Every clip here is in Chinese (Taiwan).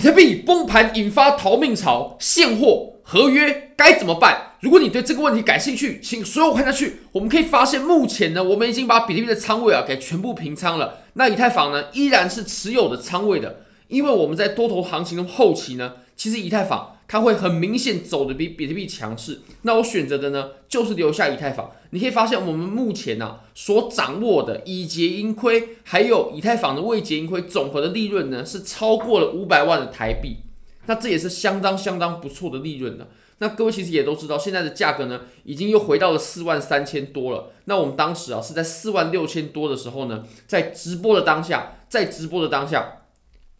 比特幣崩盤引發逃命潮，現貨合約該怎麼辦？如果你對這個問題感興趣，請所有看下去。我們可以發現，目前呢，我們已經把比特幣的倉位啊給全部平倉了。那以太坊呢，依然是持有的倉位的，因為我們在多頭行情的後期呢，其實以太坊。它會很明顯走的比比特幣強勢，那我選擇的呢就是留下以太坊。你可以發現我們目前啊所掌握的已結盈虧，還有以太坊的未結盈虧總和的利潤呢是超過了五百萬的台幣，那這也是相當相當不錯的利潤了。那各位其實也都知道，現在的價格呢已經又回到了四萬三千多了。那我們當時啊是在四萬六千多的時候呢，在直播的當下，在直播的當下，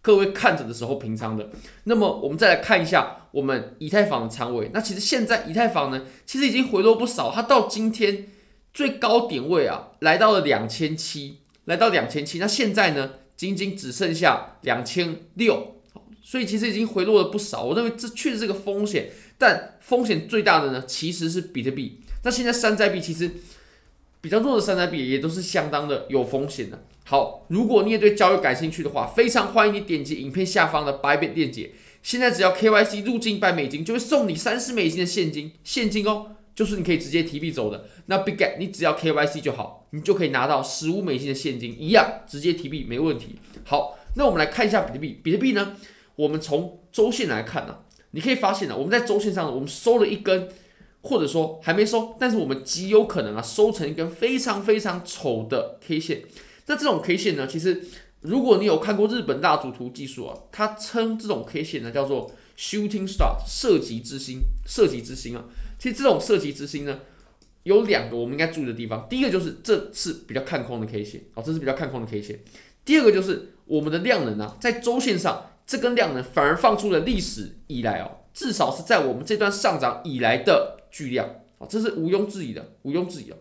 各位看着的時候平倉的。那麼我們再來看一下。我們以太坊的倉位，那其實現在以太坊呢，其實已經回落不少。它到今天最高點位啊，來到了兩千七，來到兩千七。那現在呢，僅僅只剩下兩千六，所以其實已經回落了不少。我認為這確實是個風險，但風險最大的呢，其實是比特幣。那現在山寨幣其實比較弱的山寨幣也都是相當的有風險的。好，如果你也對交易感興趣的話，非常歡迎你點擊影片下方的白板鏈接。現在只要 KYC 入金一百美金，就會送你三十美金的現金，現金哦，就是你可以直接提幣走的。那 Bitget 你只要 KYC 就好，你就可以拿到十五美金的現金，一樣直接提幣沒問題。好，那我們來看一下比特幣，比特幣呢，我們從週線來看呢、啊，你可以發現呢、啊，我們在週線上我們收了一根，或者說還沒收，但是我們極有可能啊收成一根非常非常醜的 K 線，那這種 K 線呢，其實。如果你有看過日本蠟燭圖技術啊，他稱這種 K 線呢叫做 shooting star 射擊之星，射擊之星啊。其實這種射擊之星呢，有兩個我們應該注意的地方。第一個就是這是比較看空的 K 線啊、哦，這是比較看空的 K 線。第二個就是我們的量能啊，在周線上這根量能反而放出了歷史以來哦，至少是在我們這段上漲以來的巨量啊、哦，這是毋庸置疑的，毋庸置疑啊。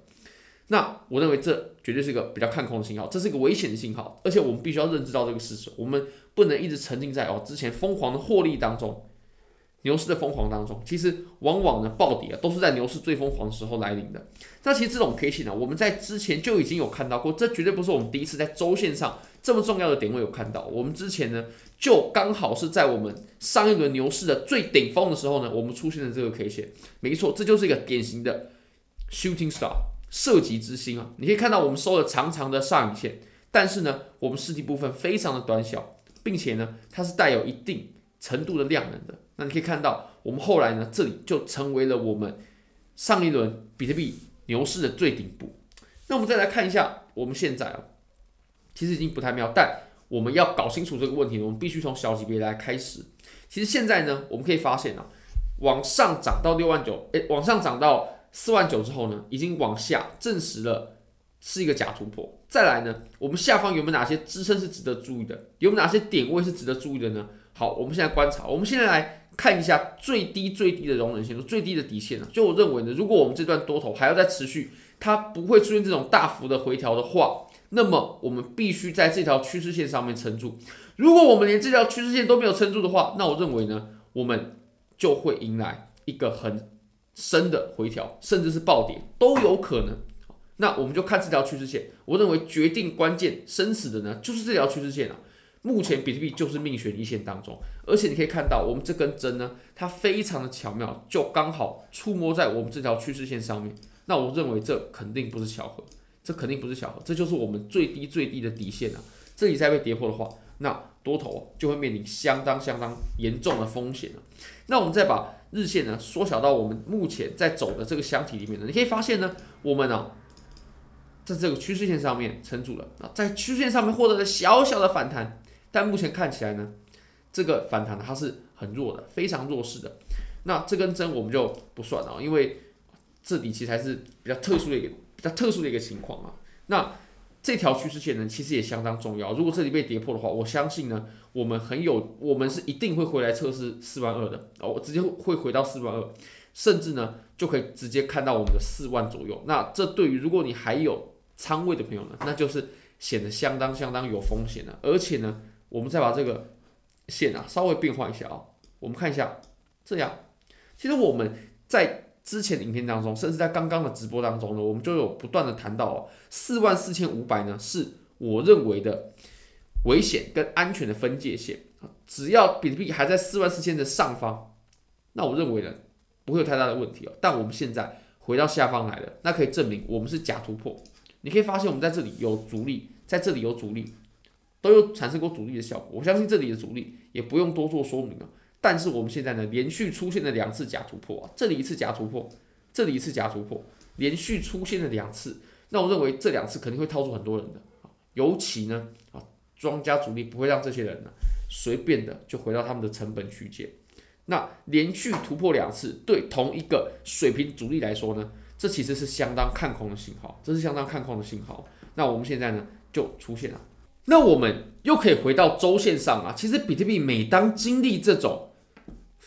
那我認為這絕對是一個比較看空的信號，這是一個危險的信號，而且我們必須要認知到這個事實，我們不能一直沉浸在哦之前瘋狂的獲利當中，牛市的瘋狂當中，其實往往的暴跌啊都是在牛市最瘋狂的時候來臨的。那其實這種 K 線呢、啊，我們在之前就已經有看到過，這絕對不是我們第一次在周線上這麼重要的點位有看到，我們之前呢就剛好是在我們上一輪牛市的最頂峰的時候呢，我們出現了這個 K 線，沒錯，這就是一個典型的 shooting star。射擊之星啊，你可以看到我們收了長長的上影線，但是呢，我們實體部分非常的短小，並且呢，它是帶有一定程度的量能的。那你可以看到，我們後來呢，這裡就成為了我們上一輪比特幣牛市的最頂部。那我們再來看一下，我們現在啊，其實已經不太妙，但我們要搞清楚這個問題，我們必須從小級別來開始。其實現在呢，我們可以發現啊，往上漲到六萬九，誒，往上漲到。四萬九之後呢，已經往下證實了是一個假突破。再來呢，我們下方有沒有哪些支撐是值得注意的？有沒有哪些點位是值得注意的呢？好，我們現在觀察，我們現在來看一下最低最低的容忍線，最低的底線呢、啊。就我認為呢，如果我們這段多頭還要再持續，它不會出現這種大幅的回調的話，那麼我們必須在這條趨勢線上面撐住。如果我們連這條趨勢線都沒有撐住的話，那我認為呢，我們就會迎來一個很。深的回調，甚至是暴跌都有可能。那我們就看這條趨勢線，我認為決定關鍵生死的呢，就是這條趨勢線了啊。目前比特幣就是命懸一線當中，而且你可以看到我們這根針呢，它非常的巧妙，就剛好觸摸在我們這條趨勢線上面。那我認為這肯定不是巧合，這肯定不是巧合，這就是我們最低最低的底線了啊。這裡再被跌破的話，那。多頭就會面臨相當相當嚴重的風險了。那我們再把日線呢縮小到我們目前在走的這個箱體裡面呢，你可以發現呢，我們呢、哦、在這個趨勢線上面撐住了啊，在趨勢線上面獲得了小小的反彈，但目前看起來呢，這個反彈它是很弱的，非常弱勢的。那這根針我們就不算了，因為這裡其實還是比較特殊的一個比較特殊的一個情況啊。那這條趨勢線呢，其實也相當重要。如果這裡被跌破的話，我相信呢，我們很有，我們是一定會回來測試四萬二的，哦，我直接會回到四萬二，甚至呢就可以直接看到我們的四萬左右。那這對於如果你還有倉位的朋友呢，那就是顯得相當相當有風險了。而且呢，我們再把這個線啊稍微變換一下啊，哦，我們看一下這樣，其實我們在。之前影片當中，甚至在剛剛的直播當中呢，我們就有不斷的談到哦，四萬四千五百呢，是我認為的危險跟安全的分界線。只要比特幣還在四萬四千的上方，那我認為呢，不會有太大的問題哦。但我們現在回到下方來了，那可以證明我們是假突破。你可以發現我們在這裡有阻力，在這裡有阻力，都有產生過阻力的效果。我相信這裡的阻力也不用多做說明了。但是我們現在呢，連續出現了兩次假突破，這裡一次假突破，這裡一次假突破，連續出現了兩次。那我認為這兩次肯定會套住很多人的，尤其呢啊，莊家主力不會讓這些人呢隨便的就回到他們的成本區間。那連續突破兩次，對同一個水平阻力來說呢，這其實是相當看空的信號，這是相當看空的信號。那我們現在呢就出現了，那我們又可以回到周線上啊，其實比特幣每當經歷這種。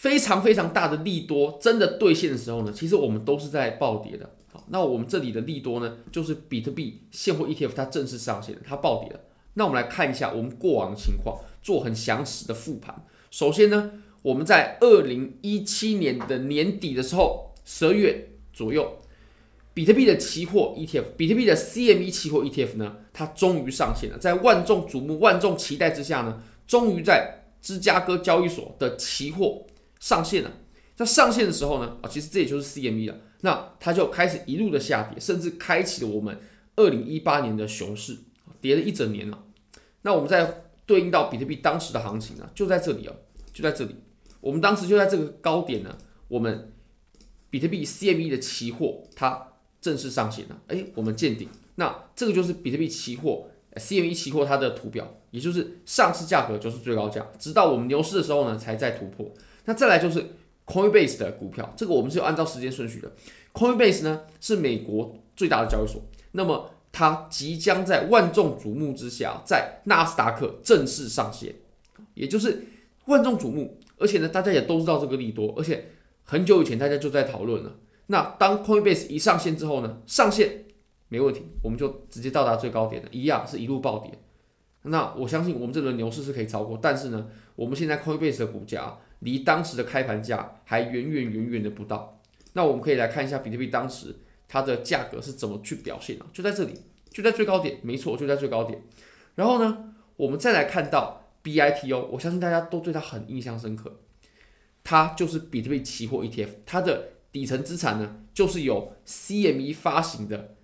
非常非常大的利多真的兌現的時候呢，其實我們都是在暴跌的。好，那我們這裡的利多呢，就是比特幣現貨 ETF 它正式上線了，它暴跌了。那我們來看一下我們過往的情況，做很詳實的復盤。首先呢，我們在二零一七年的年底的時候，十二月左右，比特幣的期貨 ETF，比特幣的 CME 期貨 ETF 呢，它終於上線了，在萬眾矚目、萬眾期待之下呢，終於在芝加哥交易所的期貨。上線了，啊，在上線的時候呢，啊，其實這也就是 CME 了，那它就開始一路的下跌，甚至開啟了我們二零一八年的熊市，跌了一整年了。那我們再對應到比特幣當時的行情呢，啊，就在這裡哦，就在這裡，我們當時就在這個高點呢，我們比特幣 CME 的期貨它正式上線了，哎，我們見頂，那這個就是比特幣期貨 CME 期貨它的圖表，也就是上市價格就是最高價，直到我們牛市的時候呢，才再突破。那再來就是 Coinbase 的股票，這個我們是要按照時間順序的。Coinbase 呢是美國最大的交易所，那麼它即將在萬眾矚目之下在納斯達克正式上線，也就是萬眾矚目，而且呢大家也都知道這個利多，而且很久以前大家就在討論了。那當 Coinbase 一上線之後呢，上線沒問題，我們就直接到達最高點了，一樣是一路暴跌。那我相信我們這輪牛市是可以超過，但是呢，我們現在 Coinbase 的股價啊，離當時的開盤價還遠遠遠遠遠的不到。那我們可以來看一下比特幣當時它的價格是怎麼去表現的啊，就在這裡，就在最高點，沒錯，就在最高點。然後呢，我們再來看到 BITO，我相信大家都對它很印象深刻，它就是比特幣期貨 ETF，它的底層資產呢，就是由 CME 發行的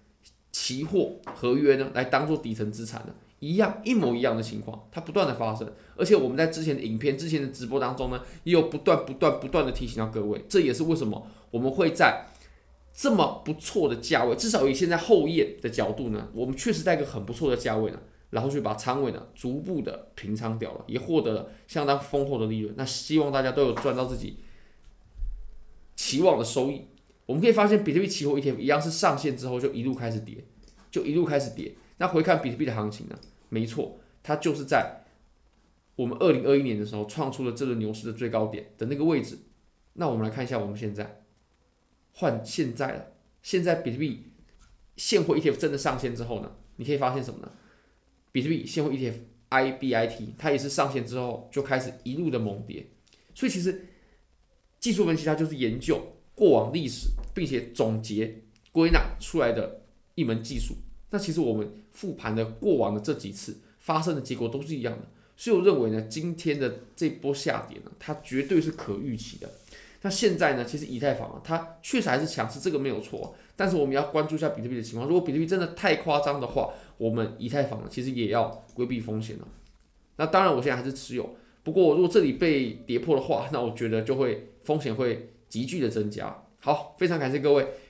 期貨合約呢來當做底層資產的。一樣一模一樣的情況，它不斷的發生，而且我們在之前的影片、之前的直播當中呢，也有不斷、不斷、不斷的提醒到各位，這也是為什麼我們會在這麼不錯的價位，至少以現在後夜的角度呢，我們確實在一個很不錯的價位呢，然後去把倉位呢逐步的平倉掉了，也獲得了相當豐厚的利潤。那希望大家都有賺到自己期望的收益。我們可以發現比特幣期貨 ETF 一樣是上線之後就一路開始跌，就一路開始跌。那回看比特幣的行情呢？沒錯，它就是在我們二零二一年的時候創出了這輪牛市的最高點的那個位置。那我們來看一下，我們現在換現在了。現在比特幣現貨 ETF 真的上線之後呢，你可以發現什麼呢？比特幣現貨 ETF IBIT 它也是上線之後就開始一路的猛跌。所以其實技術分析它就是研究過往歷史，並且總結歸納出來的一門技術。那其實我們復盤的過往的這幾次發生的結果都是一樣的，所以我認為呢，今天的這波下跌呢，它絕對是可預期的。那現在呢，其實以太坊啊，它確實還是強勢，這個沒有錯。但是我們要關注一下比特幣的情況，如果比特幣真的太誇張的話，我們以太坊呢，其實也要規避風險了。那當然，我現在還是持有，不過如果這裡被跌破的話，那我覺得就會風險會急劇的增加。好，非常感謝各位。